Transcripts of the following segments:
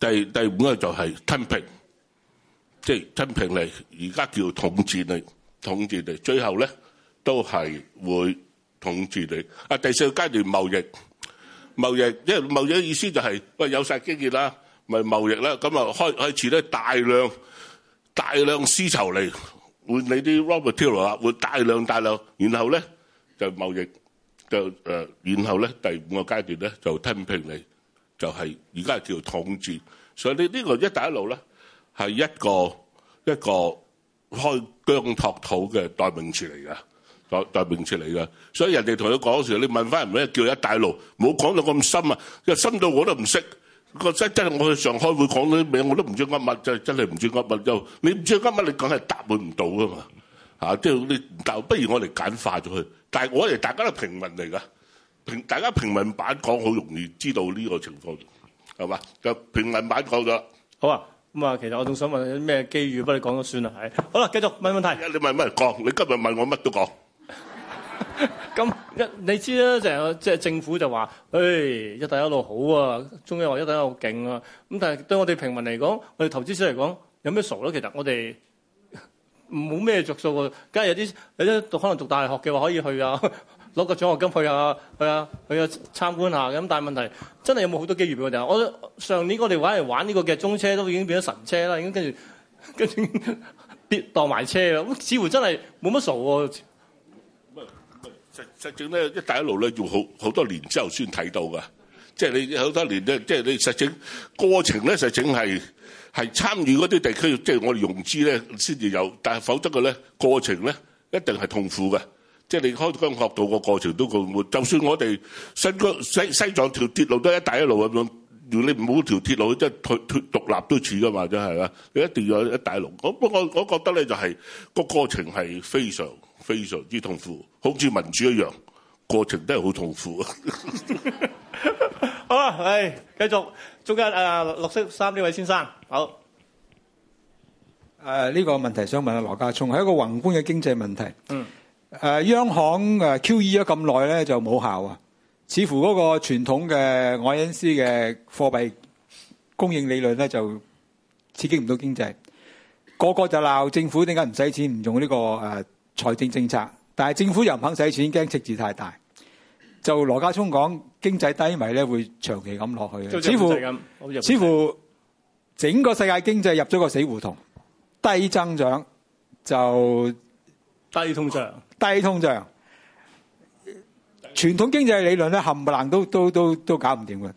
第第五個就係吞平，即係吞平你，而家叫統治你，統治你最後咧都係會統治你。啊，第四個階段貿易貿易，因為貿易的意思就係喂有曬機業啦，咪貿易啦，咁啊開開始咧大量大量絲綢嚟換你啲 Robert Taylor 啊，換大量大量，然後咧就貿易，就誒，然後咧第五個階段咧就吞平你。就係而家係叫統治，所以你呢個一帶一路咧係一個一個開疆拓土嘅代名詞嚟噶，代代名詞嚟噶。所以人哋同你講嘅時候，你問翻人咩叫一帶一路？冇講到咁深啊，因為深到我都唔識。個真真係我去上海開會講到啲名我都唔知噏乜，真真係唔知噏乜。又你唔知噏乜，你梗係答佢唔到啊嘛。嚇，即係你，但不如我哋簡化咗佢。但係我哋大家都平民嚟噶。平大家平民版講好容易知道呢個情況，係嘛？就平民版講咗。好啊，咁啊，其實我仲想問你咩機遇，不過講咗算啦。係，好啦，繼續問問題。你問乜講？你今日問我乜都講。咁一、 嗯、你，你知啦，就即、是就是、政府就話，誒、哎、一帶一路好啊，中央話一帶一路勁啊。咁但係對我哋平民嚟講，我哋投資者嚟講，有咩傻咧？其實我哋冇咩着數喎。梗係有啲有啲讀可能讀大學嘅話可以去啊。 攞個獎學金去啊，去啊，去啊參觀下咁，但係問題真係有冇好多機遇俾我哋啊？我上年我哋玩嚟玩呢個嘅中車都已經變咗神車啦，已經跟住跟住跌當埋車啦。咁似乎真係冇乜傻喎。咁啊，實實證咧，一大一路咧要好好多年之後先睇到噶。即、就、係、是、你好多年咧，即、就、係、是、你實證過程咧，實證係係參與嗰啲地區，即、就、係、是、我哋融資咧先至有，但係否則嘅咧過程咧一定係痛苦嘅。即係你開疆拓土個過程都咁，就算我哋新疆西西藏條鐵路都係一帶一路咁樣。如果你唔好條鐵路，即係脫脫獨立都似噶嘛，真係啦。你一定要一帶一路。我不過我覺得咧、就係，就、那、係個過程係非常非常之痛苦，好似民主一樣，過程都係好痛苦 好了。好啊，誒，繼續，中間啊、呃，綠色衫呢位先生，好。誒、呃，呢、這個問題想問下，羅家聰，係一個宏觀嘅經濟問題。嗯。誒央行誒 QE 咗咁耐咧就冇效啊！似乎嗰個傳統嘅愛因斯嘅貨幣供應理論咧就刺激唔到經濟。個個就鬧政府點解唔使錢，唔用呢個誒財政政策，但係政府又唔肯使錢，驚赤字太大。就羅家聰講經濟低迷咧會長期咁落去，就似乎似乎整個世界經濟入咗個死胡同，低增長就低通脹。低通脹，傳統經濟理論咧冚唪唥都都都都搞唔掂嘅，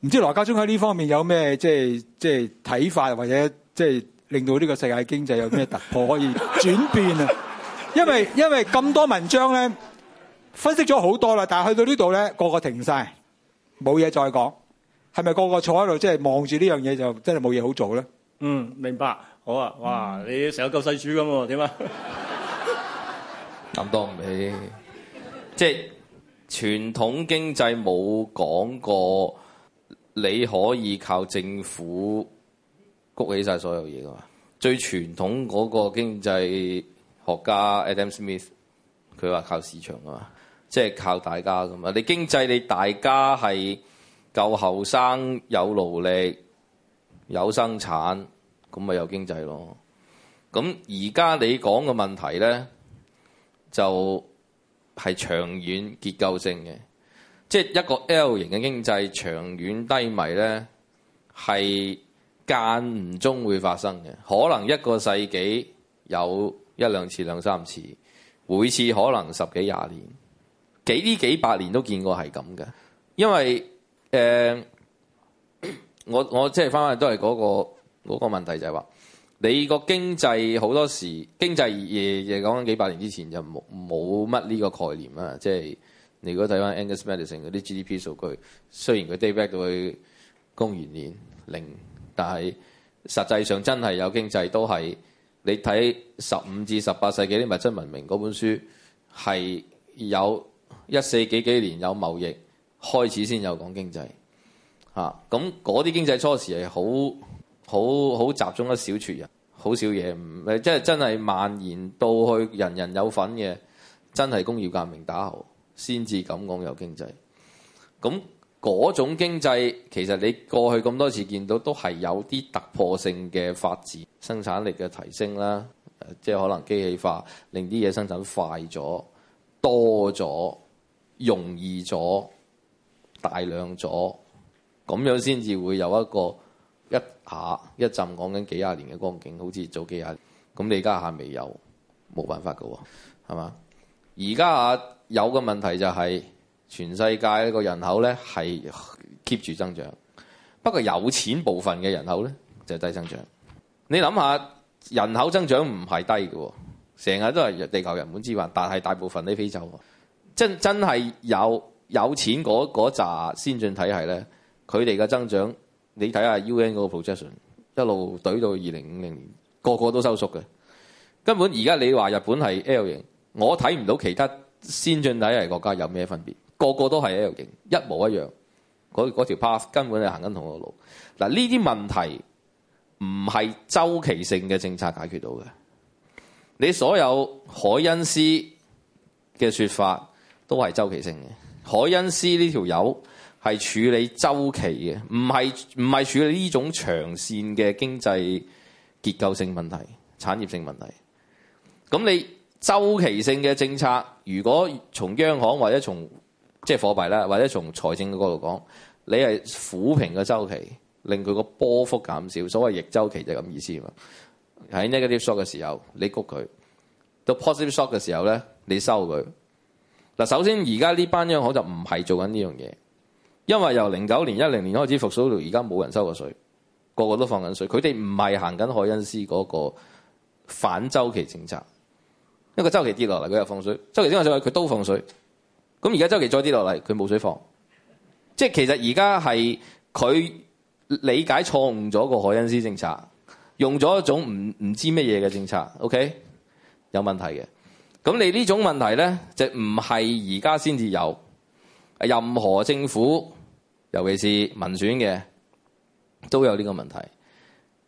唔知羅家聰喺呢方面有咩即係即係睇法，或者即係令到呢個世界經濟有咩突破可以轉變啊？因為因為咁多文章咧分析咗好多啦，但係去到呢度咧個個停曬，冇嘢再講，係咪個個坐喺度即係望住呢樣嘢就真係冇嘢好做咧？嗯，明白。好啊，哇！你成日救世主咁喎，點啊？咁多唔起，即係傳統經濟冇講過你可以靠政府谷起晒所有嘢噶嘛？最傳統嗰個經濟學家 Adam Smith 佢話靠市場啊嘛，即係靠大家噶嘛。你經濟你大家係夠後生有勞力有生產，咁咪有經濟咯。咁而家你講嘅問題咧，就係長遠結構性嘅，即係一個 L 型嘅經濟長遠低迷咧，係間唔中會發生嘅。可能一個世紀有一兩次、兩三次，每次可能十幾廿年，幾呢幾百年都見過係咁嘅。因為誒、呃，我我即係翻翻都係嗰個嗰個問題就係話。你個經濟好多時，經濟嘢誒講緊幾百年之前就冇冇乜呢個概念啦。即係你如果睇翻 Angus Maddison 嗰啲 GDP 數據，雖然佢 date back 到去公元年零，但係實際上真係有經濟都係你睇十五至十八世紀啲物質文明嗰本書，係有一四幾幾年有貿易開始先有講經濟吓，咁嗰啲經濟初時係好。好好集中一小撮人，好少嘢，唔，即係真係蔓延到去人人有份嘅，真係工業革命打後，先至咁講有經濟。咁嗰種經濟其實你過去咁多次見到，都係有啲突破性嘅發展，生產力嘅提升啦，即係可能機器化，令啲嘢生產快咗、多咗、容易咗、大量咗，咁樣先至會有一個。一下一浸，講緊幾廿年嘅光景，好似早幾廿年，咁你家下未有，冇辦法嘅喎，係嘛？而家啊，有個問題就係、是，全世界呢個人口咧係 keep 住增長，不過有錢部分嘅人口咧就是、低增長。你諗下，人口增長唔係低嘅，成日都係地球人滿之患，但係大部分喺非洲，真真係有有錢嗰嗰紮先進體系咧，佢哋嘅增長。你睇下 U.N 嗰個 projection，一路懟到二零五零年，個個都收縮嘅。根本而家你話日本係 L 型，我睇唔到其他先進體系國家有咩分別，個個都係 L 型，一模一樣。嗰條 path 根本係行緊同一路。嗱，呢啲問題唔係周期性嘅政策解決到嘅。你所有凱恩斯嘅說法都係周期性嘅。凱恩斯呢條友。係處理周期嘅，唔係唔係處理呢種長線嘅經濟結構性問題、產業性問題。咁你周期性嘅政策，如果從央行或者從即係貨幣啦，或者從財政嗰個角度講，你係撫平個周期，令佢個波幅減少。所謂逆周期就係咁意思嘛。喺 negative shock 嘅時候，你谷佢；到 positive shock 嘅時候咧，你收佢。嗱，首先而家呢班央行就唔係做緊呢樣嘢。因為由零九年、一零年開始復甦到而家，冇人收過水，個個都放緊水。佢哋唔係行緊海恩斯嗰個反周期政策，一個周期跌落嚟佢又放水，周期升落嚟，佢都放水。咁而家周期再跌落嚟，佢冇水放。即係其實而家係佢理解錯誤咗個海恩斯政策，用咗一種唔唔知乜嘢嘅政策。OK，有問題嘅。咁你呢種問題咧，就唔係而家先至有，任何政府。尤其是民選嘅都有呢個問題。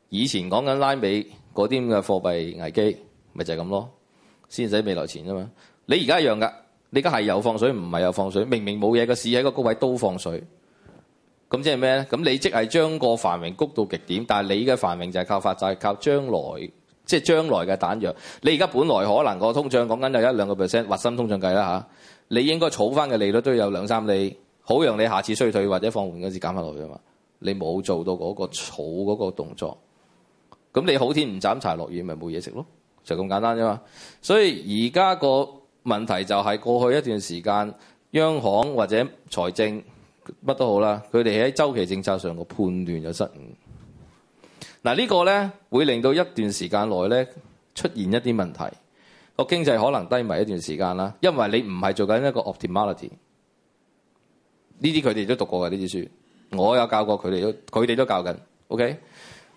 以前講緊拉美嗰啲咁嘅貨幣危機，咪就係咁咯，先使未來錢吖嘛。你而家一樣噶，你而家係有放水，唔係有放水，明明冇嘢嘅市喺個高位都放水。咁即係咩咧？咁你即係將個繁榮谷到極點，但係你嘅繁榮就係靠發債，靠將來，即係將來嘅彈藥。你而家本來可能個通脹講緊有一兩個 percent，核心通脹計啦下，你應該儲翻嘅利率都要有兩三厘。好讓你下次衰退或者放緩嗰時減翻落去啊嘛，你冇做到嗰個儲嗰個動作，咁你好天唔斬柴落雨咪冇嘢食咯，就咁簡單啫嘛。所以而家個問題就係過去一段時間，央行或者財政乜都好啦，佢哋喺週期政策上個判斷就失誤。嗱，呢個咧會令到一段時間內咧出現一啲問題，個經濟可能低迷一段時間啦，因為你唔係做緊一個 optimality。呢啲佢哋都讀過嘅呢啲書，我有教過佢哋都，佢哋都教緊。OK，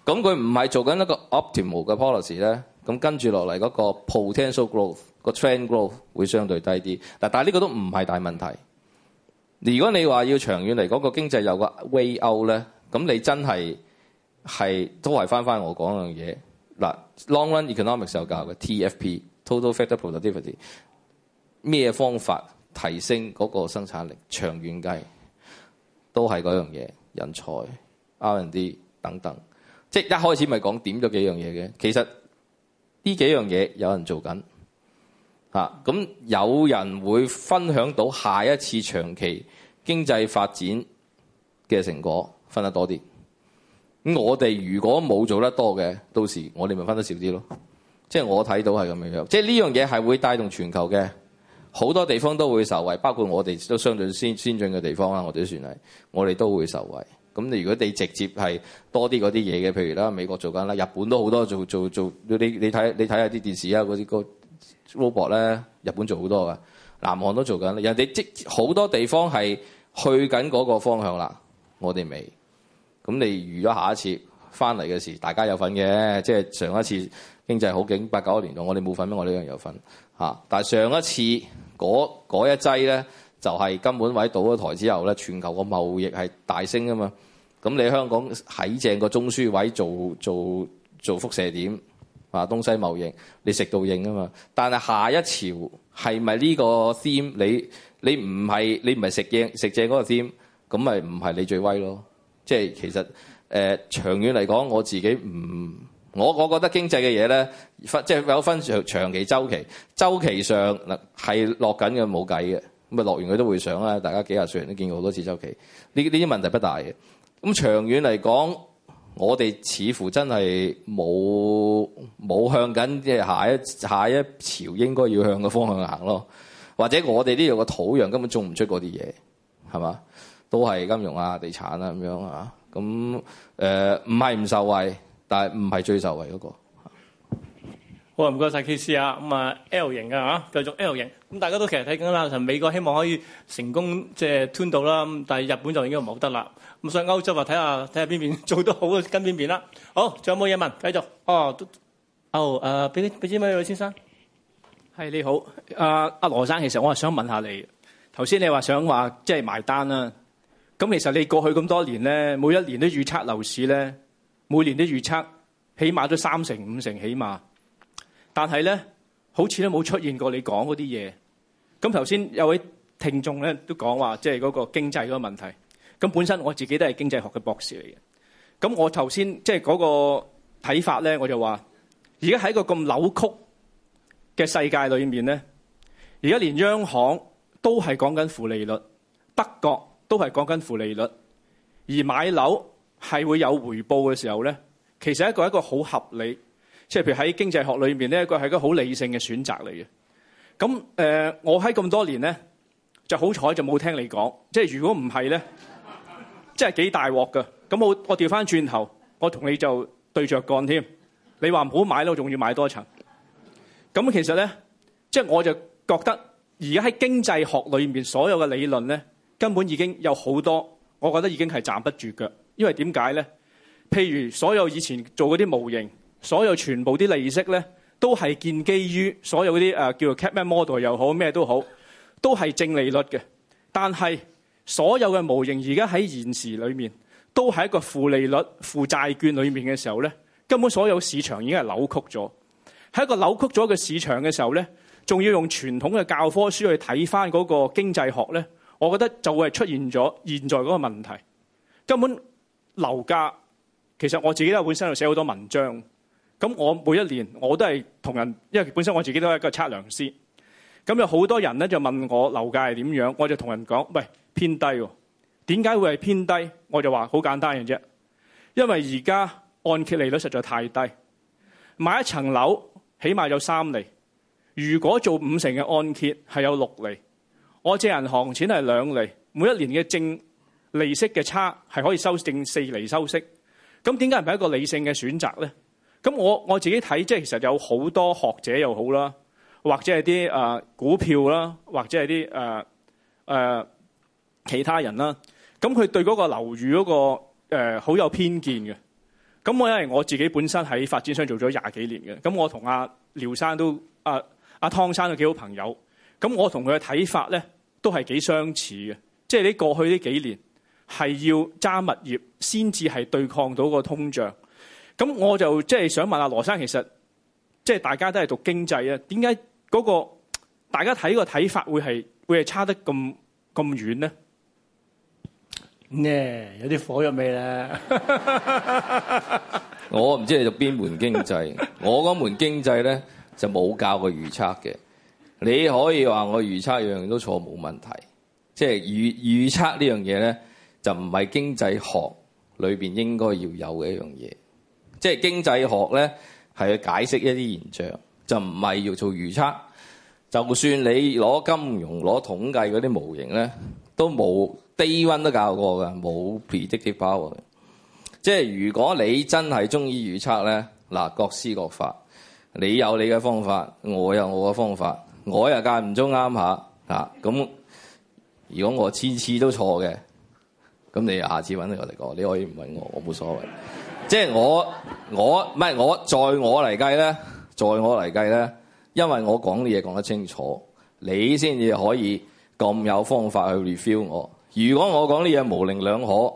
咁佢唔係做緊一個 optimal 嘅 policy 咧，咁跟住落嚟嗰個 potential growth 個 trend growth 會相對低啲。嗱，但係呢個都唔係大問題。如果你話要長遠嚟講，個經濟有個 way out 咧，咁你真係係都係翻翻我講嘅嘢。嗱，long run economics 有教嘅 TFP total factor productivity 咩方法？提升嗰個生產力，長遠計都係嗰樣嘢，人才、R&D 等等，即一開始咪講點咗幾樣嘢嘅。其實呢幾樣嘢有人做緊，咁、啊、有人會分享到下一次長期經濟發展嘅成果，分得多啲。我哋如果冇做得多嘅，到時我哋咪分得少啲咯。即係我睇到係咁樣樣，即係呢樣嘢係會帶動全球嘅。好多地方都會受惠，包括我哋都相對先先進嘅地方啦，我哋都算係，我哋都會受惠。咁你如果你直接係多啲嗰啲嘢嘅，譬如啦，美國做緊啦，日本都好多做做做，做，你你睇你睇下啲電視啊，嗰啲個 robot 咧，日本做好多噶，南韓都做緊，人哋即好多地方係去緊嗰個方向啦，我哋未。咁你預咗下一次翻嚟嘅時，大家有份嘅，即係上一次經濟好景八九十年代我哋冇份咩，我呢樣有份。吓但係上一次嗰嗰一劑咧，就係、是、根本位倒咗台之後咧，全球個貿易係大升㗎嘛。咁你香港喺正個中樞位做做做輻射點，話東西貿易你食到應啊嘛。但係下一潮係咪呢個 theme 你你唔係你唔係食應食正嗰個 theme 咁咪唔係你最威咯？即、就、係、是、其實誒、呃、長遠嚟講，我自己唔。我我覺得經濟嘅嘢咧，分即係有分長期周期。周期上嗱係落緊嘅冇計嘅，咁啊落完佢都會上啦。大家幾廿歲人都見過好多次周期，呢呢啲問題不大嘅。咁長遠嚟講，我哋似乎真係冇冇向緊即係下一下一潮應該要向嘅方向行咯。或者我哋呢度嘅土壤根本種唔出嗰啲嘢，係嘛？都係金融啊、地產啊咁樣啊。咁誒唔係唔受惠。但係唔係最受惠嗰、那個，好啊！唔該晒 KC 啊，咁啊 L 型嘅吓，繼續 L 型。咁大家都其實睇緊啦，就美國希望可以成功即係吞到啦，但係日本就已經唔好得啦。咁所以歐洲話睇下睇下邊邊做得好跟邊邊啦。好，仲有冇嘢問？繼續。哦，哦，誒、呃，俾俾支乜嘢，先生？係，你好，阿阿羅生，其實我係想問下你，頭先你話想話即係埋單啦，咁其實你過去咁多年咧，每一年都預測樓市咧。每年的預測，起碼都三成五成起碼，但係咧，好似都冇出現過你講嗰啲嘢。咁頭先有位聽眾咧都講話，即係嗰個經濟嗰個問題。咁本身我自己都係經濟學嘅博士嚟嘅。咁我頭先即係嗰個睇法咧，我就話：而家喺個咁扭曲嘅世界裏面咧，而家連央行都係講緊負利率，德國都係講緊負利率，而買樓，係會有回報嘅時候咧，其實一個一個好合理，即係譬如喺經濟學裏面呢，一個係一個好理性嘅選擇嚟嘅。咁誒、呃，我喺咁多年咧就好彩就冇聽你講，即係如果唔係咧，即係幾大鑊㗎。咁我我掉返轉頭，我同你就對着幹添。你話唔好買咯，我仲要買多層。咁其實咧，即係我就覺得而家喺經濟學裏面所有嘅理論咧，根本已經有好多，我覺得已經係站不住腳。因為點解咧？譬如所有以前做嗰啲模型，所有全部啲利息咧，都係建基於所有嗰啲、啊、叫做 CAPM model 又好咩都好，都係正利率嘅。但係所有嘅模型而家喺現時裏面都係一個負利率負債券裏面嘅時候咧，根本所有市場已經係扭曲咗。喺一個扭曲咗嘅市場嘅時候咧，仲要用傳統嘅教科書去睇翻嗰個經濟學咧，我覺得就會係出現咗現在嗰個問題，根本。樓價其實我自己都本身就寫好多文章，咁我每一年我都係同人，因為本身我自己都係一個測量師，咁有好多人咧就問我樓價係點樣？我就同人講，喂，偏低喎，點解會係偏低？我就話好簡單嘅啫，因為而家按揭利率實在太低，買一層樓起碼有三厘，如果做五成嘅按揭係有六厘，我借銀行錢係兩厘，每一年嘅正。利息嘅差係可以收正四厘收息，咁點解唔係一個理性嘅選擇咧？咁我我自己睇，即係其實有好多學者又好啦，或者係啲誒股票啦，或者係啲誒誒其他人啦。咁佢對嗰個樓宇嗰、嗰個、呃、好有偏見嘅。咁我因為我自己本身喺發展商做咗廿幾年嘅，咁我同阿、啊、羅生都阿阿、啊啊、湯生都幾好朋友。咁我同佢嘅睇法咧都係幾相似嘅，即、就、係、係、你過去呢幾年。係要揸物業先至係對抗到個通脹，咁我就即係想問阿羅生其實即係大家都係讀經濟啊，點解嗰個大家睇個睇法會係會係差得咁咁遠咧？呢、yeah，有啲火藥味啦！ 我唔知道你讀邊門經濟，我嗰門經濟咧就冇教過預測嘅。你可以話我的預測樣樣都錯冇問題，即係預預測呢樣嘢咧。就唔係經濟學裏邊應該要有嘅一樣嘢，即係經濟學咧係去解釋一啲現象，就唔係要做預測。就算你攞金融、攞統計嗰啲模型咧，都冇 day one 都教過㗎，冇 predictable power 嘅。即係如果你真係中意預測咧，嗱，各施各法，你有你嘅方法，我有我嘅方法，我又間唔中啱下。咁如果我次次都錯嘅？咁你下次揾我嚟講，你可以唔揾我，我冇所謂。 即係我我唔係我在我嚟計咧，在我嚟計咧，因為我講啲嘢講得清楚，你先至可以咁有方法去 review 我。如果我講啲嘢模棱兩可，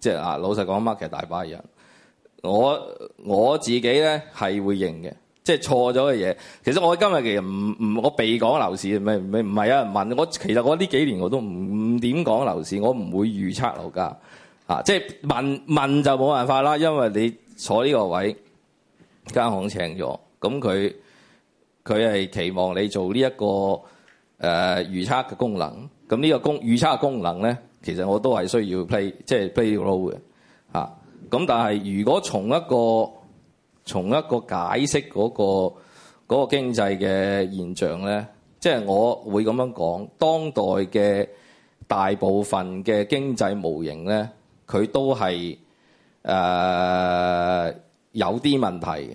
即係啊，老實講啊，市場大把人，我我自己咧係會認嘅。即係錯咗嘅嘢。其實我今日其實唔唔，我被講樓市，咪咪唔係有人問我。其實我呢幾年我都唔點講樓市，我唔會預測樓價。即、啊、係、即係、問問就冇辦法啦，因為你坐呢個位，間行請咗，咁佢佢係期望你做呢、這、一個誒預測嘅功能。咁呢個預預測嘅功能咧，其實我都係需要 play，即係 play low 嘅。咁、啊、但係如果從一個從一個解釋嗰、那個嗰、那個經濟嘅現象咧，即、就、係、是、我會咁樣講，當代嘅大部分嘅經濟模型咧，佢都係誒、呃、有啲問題，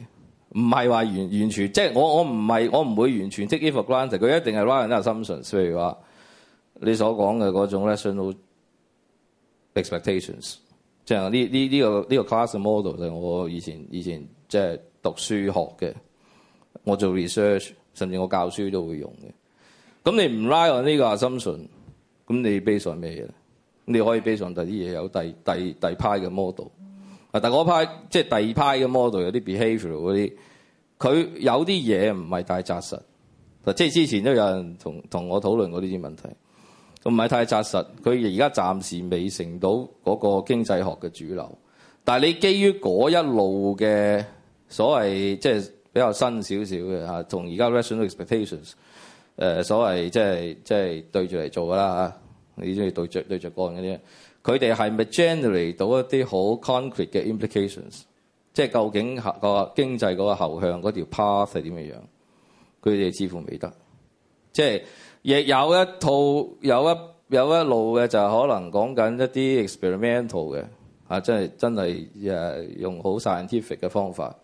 唔係話完完全，即、就、係、是、我我唔係我唔會完全 take it for granted 佢一定係 wrong and assumption，譬如話你所講嘅嗰種咧 rational expectations，即係呢呢呢個呢 class model 就係我以前以前。即係讀書學嘅，我做 research，甚至我教書都會用嘅。咁你唔 like 呢個 assumption，咁你 base 喺咩嘢？你可以 base 喺第啲嘢，有第第第派嘅 model。啊，但嗰派即係、就是、第二派嘅 model 有啲 behavior 嗰啲，佢有啲嘢唔係太扎實。嗱，即係之前都有人同同我討論過呢啲問題，唔係太扎實。佢而家暫時未成到嗰個經濟學嘅主流。但係你基於嗰一路嘅。所謂即係比較新少少嘅嚇，同而家 rational expectations 誒、呃、所謂即係即係對住嚟做㗎啦嚇，你中意對着對著幹嘅啫。佢哋係咪 generate 到一啲好 concrete 嘅 implications？即係究竟、那個經濟嗰個後向嗰條 path 係點嘅樣？佢哋似乎未得。即係亦有一套有一有一路嘅就係可能講緊一啲 experimental 嘅嚇，即、啊、真係用好 scientific 嘅方法。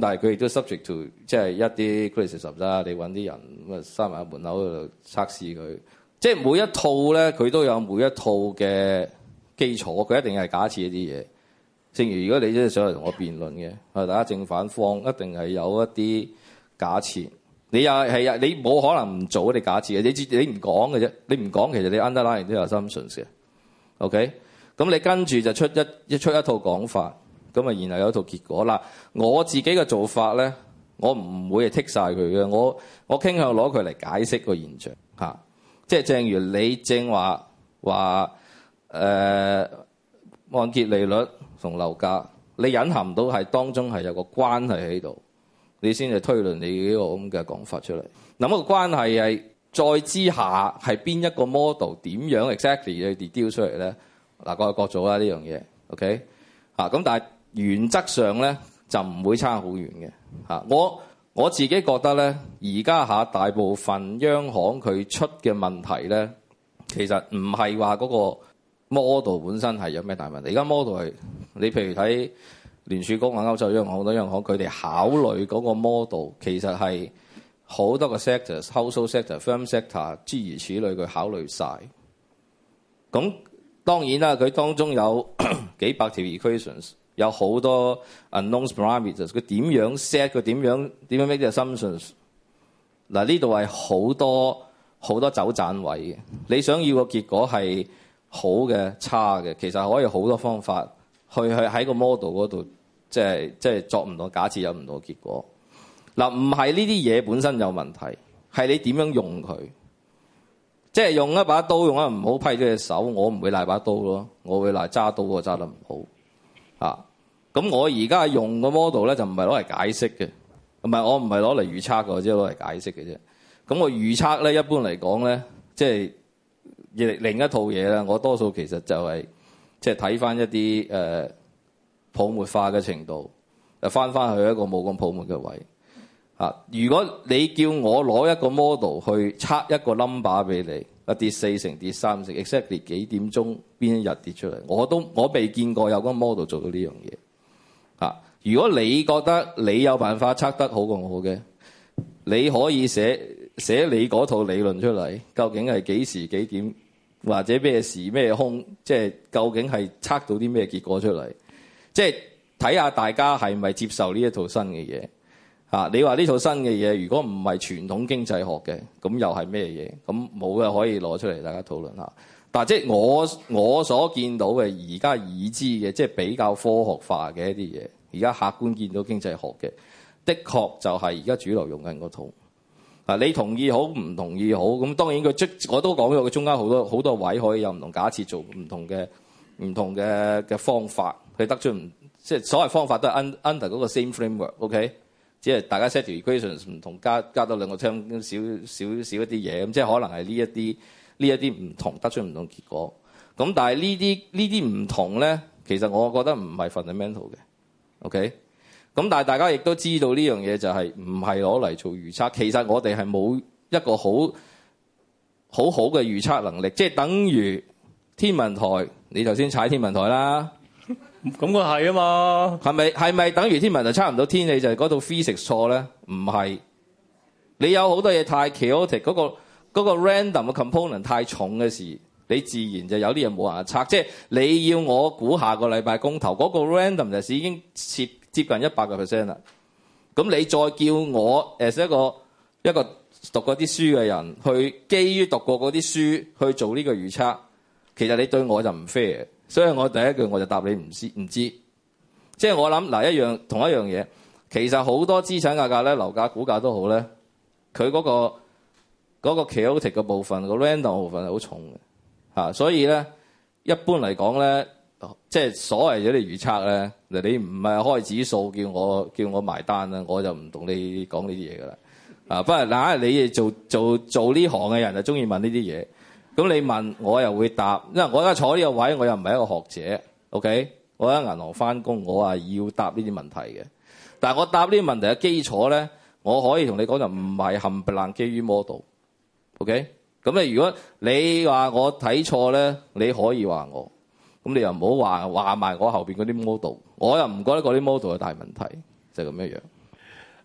但係佢亦都 subject to 即係一啲 crisis 啊！你揾啲人咁啊，閂埋喺門口度測試佢。即係每一套咧，佢都有每一套嘅基礎。佢一定係假設一啲嘢。正如如果你真係想嚟同我辯論嘅，啊大家正反方一定係有一啲假設。你又係啊？你冇可能唔做你假設嘅？你只你唔講嘅啫。你唔講，其實你 underline 都有 something 嘅。OK，咁你跟住就出一一出一套講法。咁啊，然後有一套結果啦。我自己嘅做法咧，我唔會係剔晒佢嘅。我我傾向攞佢嚟解釋個現象、啊、即係正如你正話話誒按揭利率同樓價，你隱含到係當中係有個關係喺度，你先至推論你呢個咁嘅講法出嚟。嗱咁個關係係再之下係邊一個 model 點樣 exactly 去 deal 出嚟咧？嗱，各有各個做啦呢樣嘢。OK 嚇、啊，咁但係。原則上咧就唔會差好遠嘅下，我我自己覺得咧，而家下大部分央行佢出嘅問題咧，其實唔係話嗰個 model 本身係有咩大問題。而家 model 係你譬如睇聯儲局啊、歐洲央行、好多央行，佢哋考慮嗰個 model 其實係好多個 sectors、household sector、firm sector 諸如此類，佢考慮晒。咁當然啦，佢當中有 幾百條 equations。有好多 unknown parameters，佢點樣 set，佢點樣點樣 make assumptions？嗱，呢度係好多好多走盞位嘅。你想要個結果係好嘅、差嘅，其實可以好多方法去去喺個 model 嗰度即係即係作唔到假設有唔到結果。嗱，唔係呢啲嘢本身有問題，係你點樣用佢，即係用一把刀用得唔好批咗隻手，我唔會賴把刀咯，我會賴揸刀，個揸得唔好。咁我而家用個 model 咧，就唔係攞嚟解釋嘅，唔係我唔係攞嚟預測嘅，我只係攞嚟解釋嘅啫。咁我預測咧，一般嚟講咧，即係另一套嘢呢，我多數其實就係即係睇翻一啲誒泡沫化嘅程度，就翻翻去一個冇咁泡沫嘅位啊。如果你叫我攞一個 model 去測一個 number 俾你，一跌四成，跌三成，exactly 幾點鐘邊一日跌出嚟，我都我未見過有個 model 做到呢樣嘢。如果你覺得你有辦法測得好過我嘅，你可以寫寫你嗰套理論出嚟。究竟係幾時幾點，或者咩時咩空，即係究竟係測到啲咩結果出嚟？即係睇下大家係咪接受呢一套新嘅嘢啊？你話呢套新嘅嘢，如果唔係傳統經濟學嘅，咁又係咩嘢？咁冇嘅可以攞出嚟，大家討論下。但即係我我所見到嘅而家已知嘅，即係比較科學化嘅一啲嘢。而家客觀見到經濟學嘅，的確就係而家主流用緊嗰套啊。你同意好唔同意好咁，當然佢即我都講咗，佢中間好多好多位可以有唔同假設做唔同，做唔同嘅唔同嘅嘅方法去得出唔即係所謂方法都係 under 嗰個 same framework。OK? 只係大家 set the equations 唔同，加加多兩個 term，小，添少少少一啲嘢咁，即係可能係呢一啲呢一啲唔同得出唔同結果。咁但係呢啲呢啲唔同咧，其實我覺得唔係 fundamental 嘅。OK，咁但大家亦都知道呢樣嘢就係唔係攞嚟做預測，其實我哋係冇一個好好好嘅預測能力，即係等於天文台，你頭先踩天文台啦。咁個係啊嘛？係咪係咪等於天文台猜唔到天氣就係嗰度 physics 錯咧？唔係，你有好多嘢太 chaotic，嗰個、嗰個 random 嘅 component 太重嘅事。你自然就有啲嘢冇人去測，即係你要我估下個禮拜公投嗰個 random 就已經接接近一百個 percent 啦。咁你再叫我誒一個一個讀過啲書嘅人去基於讀過嗰啲書去做呢個預測，其實你對我就唔 fair 嘅。所以我第一句我就答你唔知唔知。即係我諗嗱一樣同一樣嘢，其實好多資產價格咧，樓價、股價都好咧，佢嗰個嗰個 chaotic 嘅部分、嗰個 random 部分係好重嘅。嚇、啊，所以咧，一般嚟講咧，即係所謂嗰啲預測咧，你唔係開指數叫我叫我埋單啦，我就唔同你講呢啲嘢噶啦。啊，不過嗱，你哋做做做呢行嘅人就中意問呢啲嘢，咁你問我又會答，因為我而家坐呢個位，我又唔係一個學者，OK？我喺銀行翻工，我啊要答呢啲問題嘅，但係我答呢啲問題嘅基礎咧，我可以同你講就唔係冚唪唥基於 model，OK？咁你如果你話我睇錯咧，你可以話我。咁你又唔好話話埋我後邊嗰啲 model，我又唔覺得嗰啲 model 有大問題，就係咁樣樣。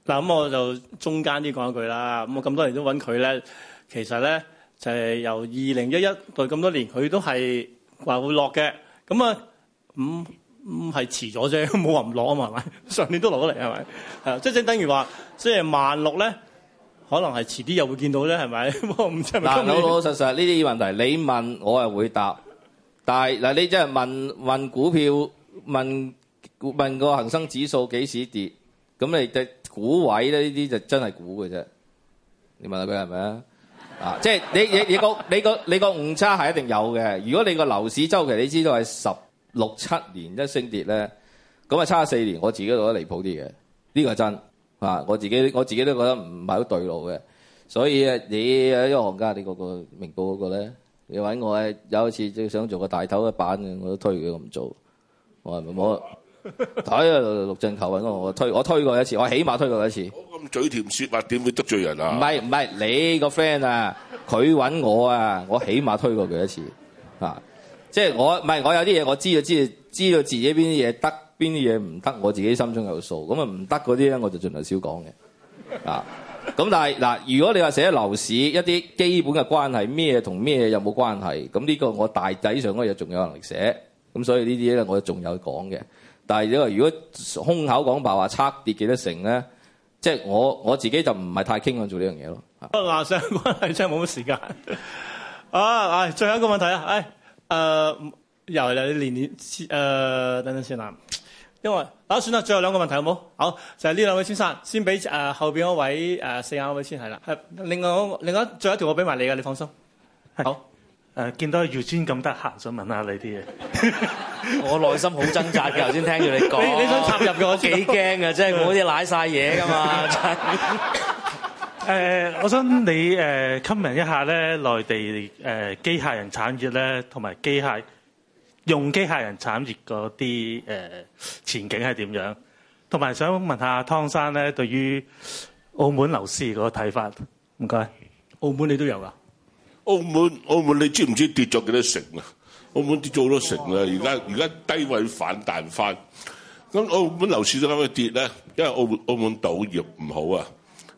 嗱咁我就中間啲講一句啦。咁我咁多年都揾佢咧，其實咧就係由二零一一到咁多年，佢都係話會落嘅。咁啊，咁咁係遲咗啫，冇話唔落啊嘛，係咪？上年都落咗嚟係咪？啊，即係正等於話，即係萬六咧。可能係遲啲又會見到咧，係咪？ 我唔知係咪老老實實呢啲問題，你問我係會答，但係嗱，你即係問問股票，問問個個恆生指數幾時跌，咁你估位咧，呢啲就真係估嘅啫。你問下佢係咪啊？ 啊，即係你你你個你個你個誤差係一定有嘅。如果你個樓市週期你知道係十六七年一升跌咧，咁啊差四年，我自己覺得離譜啲嘅，呢個係真。啊！我自己我自己都覺得唔係好對路嘅，所以啊，你啊，一個行家，你個明報嗰個咧，你揾我有有次即係想做個大頭嘅版，我都推佢，咁做，我係咪冇睇啊？陸振 球揾我，我推，我推過一次，我起碼推過一次。咁嘴甜説話點會得罪人啊？唔係唔係，你個 friend 啊，佢揾我啊，我起碼推過佢一次 啊！即係我唔係我有啲嘢我，我知道，知道知道自己邊啲嘢得。邊啲嘢唔得，我自己心中有數。咁啊唔得嗰啲咧，我就盡量少講嘅、 啊。啊，咁但係嗱，如果你話寫樓市一啲基本嘅關係，咩同咩有冇關係？咁呢個我大抵上嗰日仲有能力寫，咁所以這些呢啲咧我仲有講嘅。但係因為如果空口講白話，測跌幾多成咧，即、就、係、是、我我自己就唔係太傾向做呢樣嘢咯。啊，亞相，我真係冇乜時間。啊，係，最後一個問題啊，誒、哎，誒、呃，又嚟年年誒，等等先啦。呃因為打算啦，最後兩個問題好冇？好，好，好就係、是、呢兩位先生，先俾誒、呃、後邊嗰位誒、呃、四眼嗰位先係啦。係另外嗰另外最後一,一條我俾埋你嘅，你放心。好誒、呃，見到 JoJo 咁得閒，想問，問下你啲嘢。 我內心好掙扎嘅，頭先聽住你講 你。你想插入嘅，我幾驚嘅， 即係我啲瀨晒嘢㗎嘛。誒、 呃，我想你誒、呃、comment 一下咧，內地誒、呃、機械人產業咧，同埋機械。用機械人產業嗰啲誒前景係點樣？同埋想問下湯生咧，對於澳門樓市個睇法，唔該。澳門你都有噶？澳門澳門你知唔知跌咗幾多成啊？澳門跌咗好多成啊！而家而家低位反彈翻。咁澳門樓市點解會跌咧？因為澳澳門賭業唔好啊。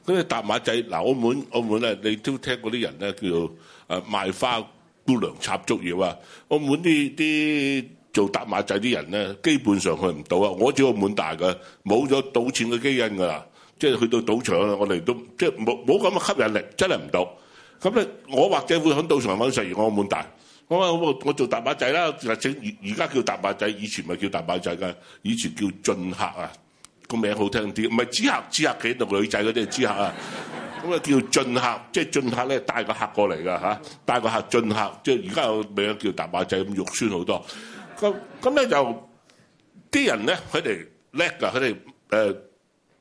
嗰啲疊碼仔嗱，澳門澳門咧，你都聽嗰啲人咧叫做誒賣花姑娘插足葉啊！澳門啲啲做搭馬仔啲人咧，基本上去唔到啊！我做澳門大㗎，冇咗賭錢嘅基因㗎啦，即係去到賭場啊！我哋都即係冇冇咁嘅吸引力，真係唔到。咁咧，我或者會響賭場玩十二澳門大。我話我我做搭馬仔啦，而而家叫搭馬仔，以前咪叫搭馬仔㗎，以前叫進客啊，個名好聽啲。唔係知客，知客幾度女仔嗰啲係知客啊！咁啊叫進客，即係進客咧帶個客過嚟噶嚇，帶個客進客，即係而家有名叫大把仔咁肉酸好多。咁咁咧就啲人咧，佢哋叻噶，佢哋誒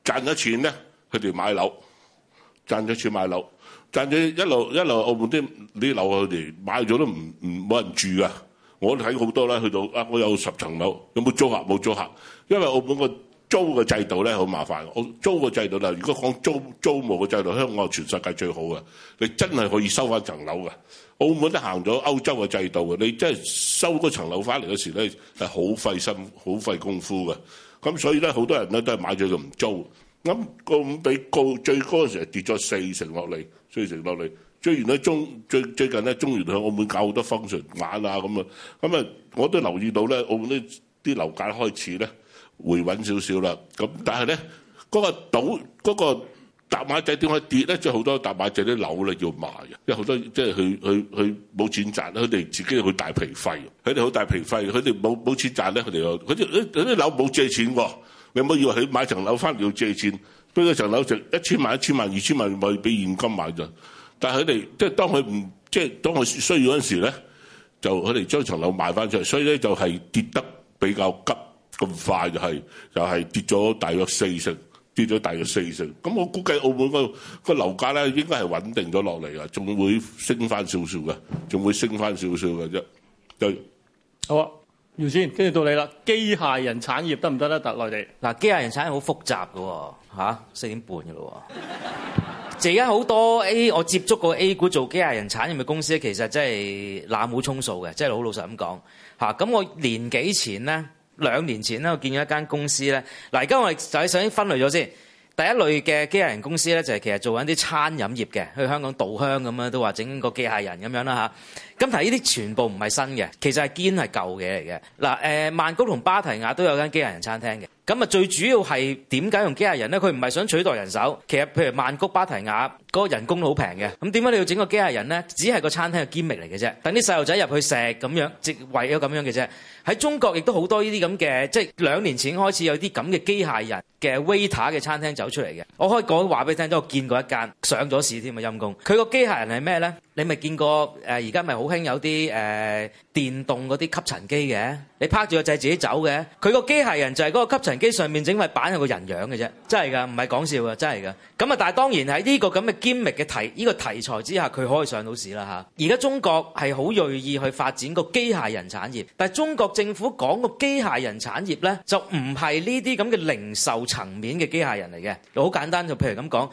賺咗錢咧，佢哋買樓，賺咗錢買樓，賺咗一路一路澳門啲啲樓佢哋買咗都唔唔冇人住噶。我哋睇好多啦，去到啊我有十層樓，有冇租客冇租客，因為澳門個。租嘅制度咧好麻煩，我租嘅制度啦。如果講租租務嘅制度，香港全世界最好嘅。你真係可以收翻層樓嘅。澳門都行咗歐洲嘅制度嘅。你真係收嗰層樓翻嚟嗰時咧係好費心、好費功夫嘅。咁所以咧，好多人咧都係買咗就唔租。咁、那個五比高最高嘅時候跌咗四成落嚟，四成落嚟。雖然咧中最最近咧中原喺澳門搞好多 function 嘢啊咁啊咁啊，我都留意到咧澳門啲啲樓價開始咧。回穩少少啦，咁但係咧，嗰個倒嗰個搭馬仔點解跌咧？即係好多搭馬仔啲樓咧要賣嘅，即係好多即係佢佢佢冇錢賺，佢哋自己去大皮費，佢哋好大皮費，佢哋冇冇錢賺咧，佢哋又佢啲佢啲樓冇借錢喎，你冇以為佢買層樓翻嚟要借錢，不過層樓就一千萬一千萬，一千萬二千萬咪俾現金買咗，但係佢哋即係當佢唔即係當佢需要嗰陣時咧，就佢哋將層樓賣翻出嚟，所以咧就係跌得比較急。咁快就係就係跌咗，大約四成跌咗，大約四成。咁我估計澳門個、個樓價咧，應該係穩定咗落嚟啦，仲會升翻少少嘅，仲會升翻少少嘅啫。對，好啊，姚先，跟住到你啦。機械人產業得唔得咧？特內地嗱，機械人產業好複雜㗎喎、哦，四點半㗎咯。而家好多 A，我接觸過 A 股做機械人產業嘅公司，其實真係濫竽充數嘅，真係好老實咁講吓。咁我年幾前咧？兩年前我見咗一間公司咧。嗱，而家我哋就係想先分類咗先。第一類嘅機械人公司咧，就係其實做緊啲餐飲業嘅，去香港稻香咁樣都話整個機械人咁樣啦吓，咁但係呢啲全部唔係新嘅，其實係堅係舊嘅嚟嘅。嗱、呃，曼谷同芭提雅都有間機械人餐廳嘅。咁啊，最主要係點解用機械人咧？佢唔係想取代人手，其實譬如曼谷、芭提雅。嗰人工好平嘅，咁點解你要整個機械人咧？只係個餐廳嘅 g 力嚟嘅啫，等啲細路仔入去食咁樣，為咗咁樣嘅啫。喺中國亦都好多呢啲咁嘅，即係兩年前開始有啲咁嘅機械人嘅 waiter 嘅餐廳走出嚟嘅。我可以講話俾你聽，都係我見過一間上咗市添啊陰公，佢個機械人係咩咧？你咪見過誒？而家咪好興有啲誒、呃、電動嗰啲吸塵機嘅，你拍住個掣自己走嘅。佢個機械人就係嗰個吸塵機上面整塊板有個人樣嘅啫，真係㗎，唔係講笑㗎，真係㗎。咁啊，但係當然喺呢、這個咁嘅。揭密嘅題，呢個題材之下，佢可以上到市啦嚇，而家中國係好鋭意去發展個機械人產業，但係中國政府講個機械人產業呢，就唔係呢啲咁嘅零售層面嘅機械人嚟嘅。好簡單，就譬如咁講，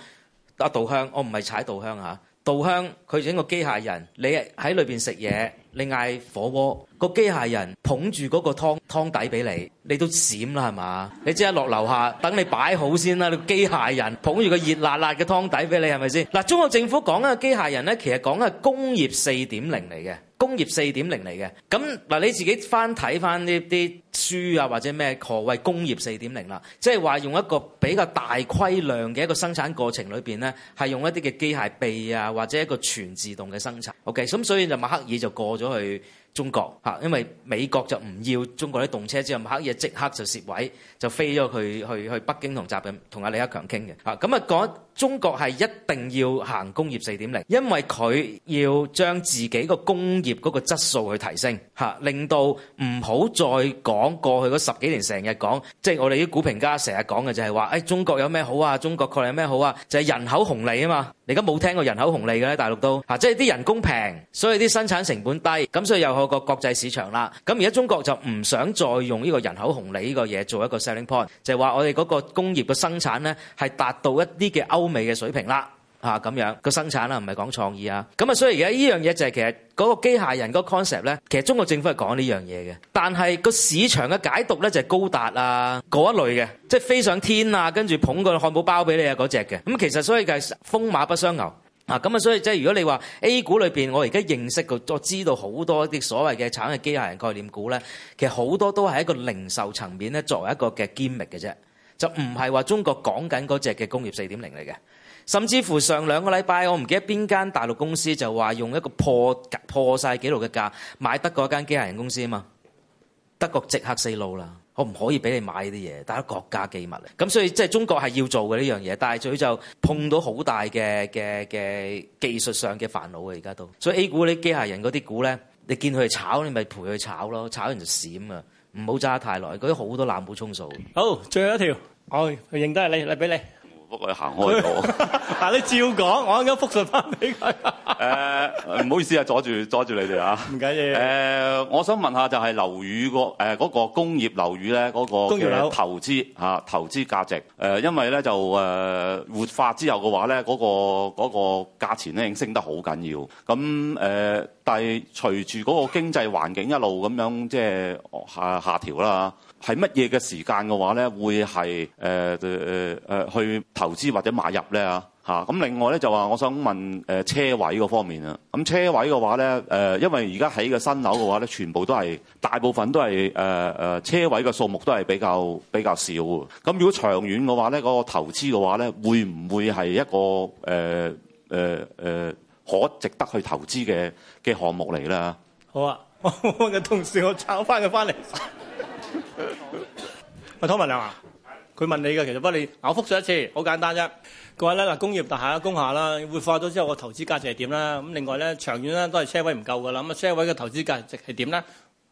啊稻香，我唔係踩稻香嚇，稻香佢整個機械人，你喺裏面食嘢。你嗌火鍋，個機械人捧住嗰個湯，湯底俾你，你都閃啦係嘛？你即刻落樓下等你擺好先啦，個機械人捧住個熱辣辣嘅湯底俾你係咪先？嗱，中國政府講緊個機械人咧，其實講緊係工業四點零嚟嘅。工業四點零嚟嘅，咁嗱你自己翻睇翻呢啲書啊，或者咩何謂工業四點零啦？即係話用一個比較大規量嘅一個生產過程裏面呢，咧，係用一啲嘅機械臂啊，或者一個全自動嘅生產。OK，咁所以就馬克爾就過咗去。中國嚇，因為美國就唔要中國啲動車之後，乜嘢即刻就蝕位，就飛咗去去去北京同習近平同阿李克強傾嘅嚇。咁啊講中國係一定要行工業四點零，因為佢要將自己個工業嗰個質素去提升嚇，令到唔好再講過去嗰十幾年成日講，即係我哋啲股評家成日講嘅就係話，誒中國有咩好啊，中國確立有咩好啊，就係人口紅利啊嘛。你而家冇聽過人口紅利嘅？咧，大陸都嚇，即係啲人工平，所以啲生產成本低，咁所以又。個個國際市場啦，咁而家中國就唔想再用呢個人口紅利呢個嘢做一個 selling point，就係話我哋嗰個工業嘅生產呢係達到一啲嘅歐美嘅水平啦，嚇咁樣個生產啦，唔係講創意啊，咁啊所以而家呢樣嘢就係其實嗰個機械人嗰個 concept 呢，其實中國政府係講呢樣嘢嘅，但係個市場嘅解讀呢就係高達啊嗰一類嘅，即係飛上天啊，跟住捧個漢堡包俾你啊嗰隻嘅，咁其實所以就係風馬不相牛。啊咁啊，所以即係如果你話 A 股裏面，我而家認識個，我知道好多一啲所謂嘅產嘅機械人概念股咧，其實好多都係一個零售層面咧作為一個嘅堅力嘅啫，就唔係話中國講緊嗰隻嘅工業四點零嚟嘅，甚至乎上兩個禮拜我唔記得邊間大陸公司就話用一個破破晒紀錄嘅價買得嗰間機械人公司啊嘛，德國即刻四路啦。我唔可以俾你買呢啲嘢，但係國家機密嚟。咁所以即係、就是、中國係要做嘅呢樣嘢，但係佢就碰到好大嘅嘅嘅技術上嘅煩惱嘅而家都。所以 A 股啲機械人嗰啲股咧，你見佢炒，你咪陪佢炒咯，炒完就閃啊！唔好揸太耐，嗰啲好多濫竽充數。好，最後一條，我認得係你，嚟俾你。不過佢行開咗他，但係 你照講， 我啱啱復述翻俾佢。唔好意思啊，阻住阻住你哋啊！唔緊要。我想問下就係樓宇嗰個、呃、工業樓宇咧，嗰個工業樓投資、啊、投資價值、呃、因為咧就、呃、活化之後嘅話咧，嗰、那個那個價錢咧已經升得好緊要。咁、呃、但係隨住嗰個經濟環境一路咁樣即係、就是、下下、下調啦。係乜嘢嘅時間嘅話咧，會係誒誒誒去投資或者買入咧嚇嚇？咁、啊、另外咧就話，我想問誒、呃、車位呢個方面啊。咁車位嘅話咧，誒、呃、因為而家喺個新樓嘅話咧，全部都係大部分都係誒誒車位嘅數目都係比較比較少。咁、啊、如果長遠嘅話咧，嗰、那個投資嘅話咧，會唔會係一個誒誒誒可值得去投資嘅嘅項目嚟咧？好啊，我嘅同事，我炒翻佢翻嚟。 喂、啊、湯文亮啊，佢問你嘅，其實不你我覆述一次，好簡單啫。佢話咧，嗱，工業大廈工廈啦，活化咗之後個投資價值係點啦？咁另外咧，長遠咧都係車位唔夠噶啦。咁車位嘅投資價值係點咧？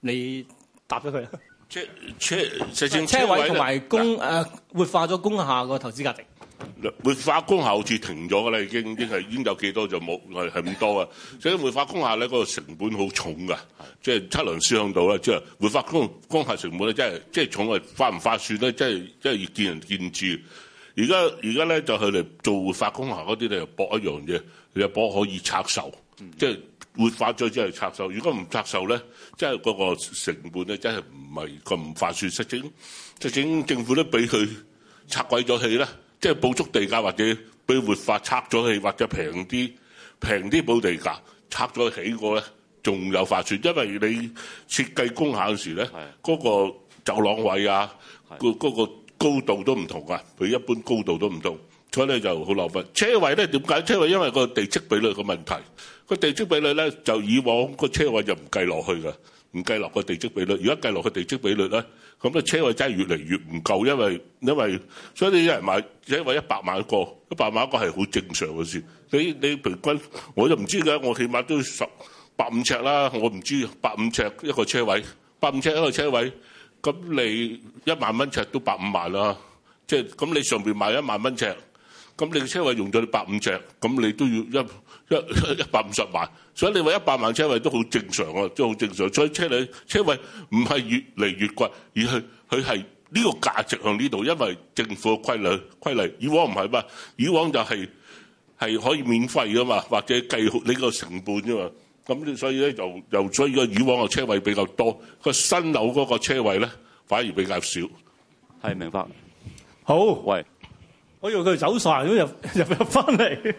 你答咗佢。車車即係車位同埋工誒活化咗工廈個投資價值。活化工廈好似停咗噶啦，已經已經係已有幾多就冇係係咁多啊！所以活化工廈咧，嗰個成本好重噶，即係七輪思想度咧，即係活化工工廈成本咧，真係即係重啊！花唔花算咧，真係真係見仁見智。而家而家咧就佢哋做活化工廈嗰啲，你又搏一樣嘢，你又搏可以拆售，即係活化再即係拆售。如果唔拆售咧，即係嗰個成本咧，真係唔係咁花算。即使即使政府都俾佢拆鬼咗佢啦。即係補足地價，或者俾活化拆咗去，或者平啲平啲補地價，拆咗起過咧，仲有發算，因為你設計工審時咧，嗰的個走廊位啊，嗰、那個高度都唔同啊，佢的一般高度都唔同，所以就好浪費車位咧。點解車位？因為個地積比率個問題，個地積比率咧就以往個車位就唔計落去㗎。唔計落個地積比率，如果計落個地積比率咧，咁個車位真係越嚟越唔夠，因為因為所以你一人買車位一百萬一個一百萬個係好正常嘅事。你你平均我就唔知嘅我起碼都要十百五尺啦，我唔知百五尺一個車位，百五尺一個車位，咁你一萬蚊尺都百五萬啦，即係咁你上面買一萬蚊尺，咁你嘅車位用咗你百五尺，咁你都要一一一百五十萬。所以你話一百萬車位都好正常啊，都好正常，啊。所以車位車位唔係越嚟越貴，而係佢係呢個價值向呢度，因為政府嘅規例規例。以往唔係嘛，以往就係、係、係可以免費噶嘛，或者計你個成本啫嘛。咁所以咧，由由所以個以往嘅車位比較多，個新樓嗰個車位咧反而比較少。係明白。好，喂，我以為佢走晒，咁入入入翻嚟。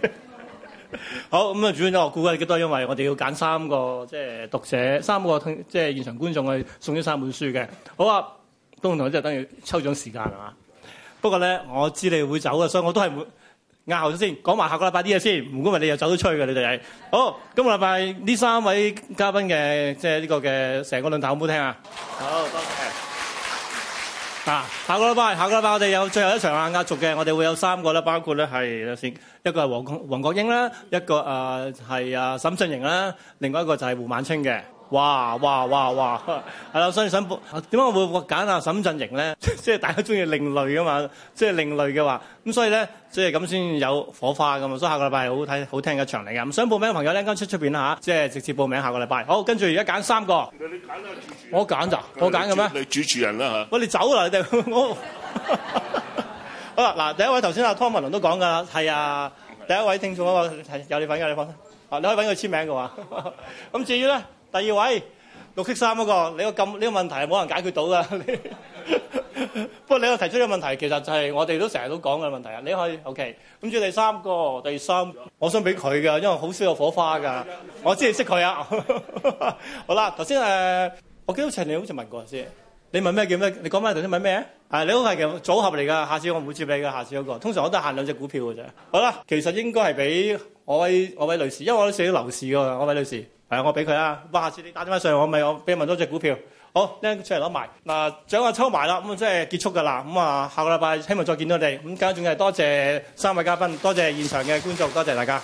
好咁啊！主任，我估計有都多？因為我哋要揀三個，即係讀者，三個即係現場觀眾去送咗三本書嘅。好啊，東台即係等於抽獎時間啊嘛。不過咧，我知你會走啊，所以我都係押後咗先，講埋下個禮拜啲嘢先。唔該，為你又走咗出去嘅，你哋係。好，今個禮拜呢三位嘉賓嘅即係呢個嘅成個論壇好唔好聽啊？好多謝。下個禮拜，下個禮拜我哋有最後一場壓軸嘅，我哋會有三個，包括呢，係一個係黃國英啦，一個誒係、呃、沈振盈啦，另外一個就係胡晚清嘅。哇哇哇哇！係啦，所以想點解我會揀阿沈振盈咧？即係大家中意另類啊嘛，即係另類嘅話，咁所以咧，即係咁先有火花㗎嘛。所以下個禮拜係好睇好聽嘅場嚟嘅。唔想報名嘅朋友咧，而出出面啦吓，即係直接報名下個禮拜。好，跟住而家揀三個，你主主我揀就、啊、我揀咁咩？你主持人啦、啊、喂、哎，你走啦你哋！我 好啦，嗱，第一位頭先阿湯文亮都講噶啦，係啊，是第一位聽眾嗰個有你份有你份，放心。 你可以揾佢簽名嘅話咁、 嗯、至於咧。第二位綠色衫嗰個，你個咁呢個問題冇人解決到噶。 不過你個提出嘅問題其實就係我哋都成日都講嘅問題啊。你可以 OK，咁住第三個第三，我想俾佢㗎，因為好少有火花噶。我知你識佢啊。 好啦，頭先誒，我記得陳你好似問過先，你問咩叫咩？你講翻頭先問咩啊？你好係組合嚟㗎。下次我唔會接俾你嘅。下次嗰、那個通常我都限兩隻股票嘅啫。好啦，其實應該係俾我位我位女士，因為我都寫樓市㗎嘛，我位女士。係，我俾佢啦。哇！下次你打電話上，我咪我俾問多隻股票。好，拎出嚟攞埋。嗱、呃，獎啊抽埋啦。咁啊，即係結束㗎啦。咁、呃、啊，下個禮拜希望再見到你。咁梗係仲係多謝三位嘉賓，多謝現場嘅觀眾，多謝大家。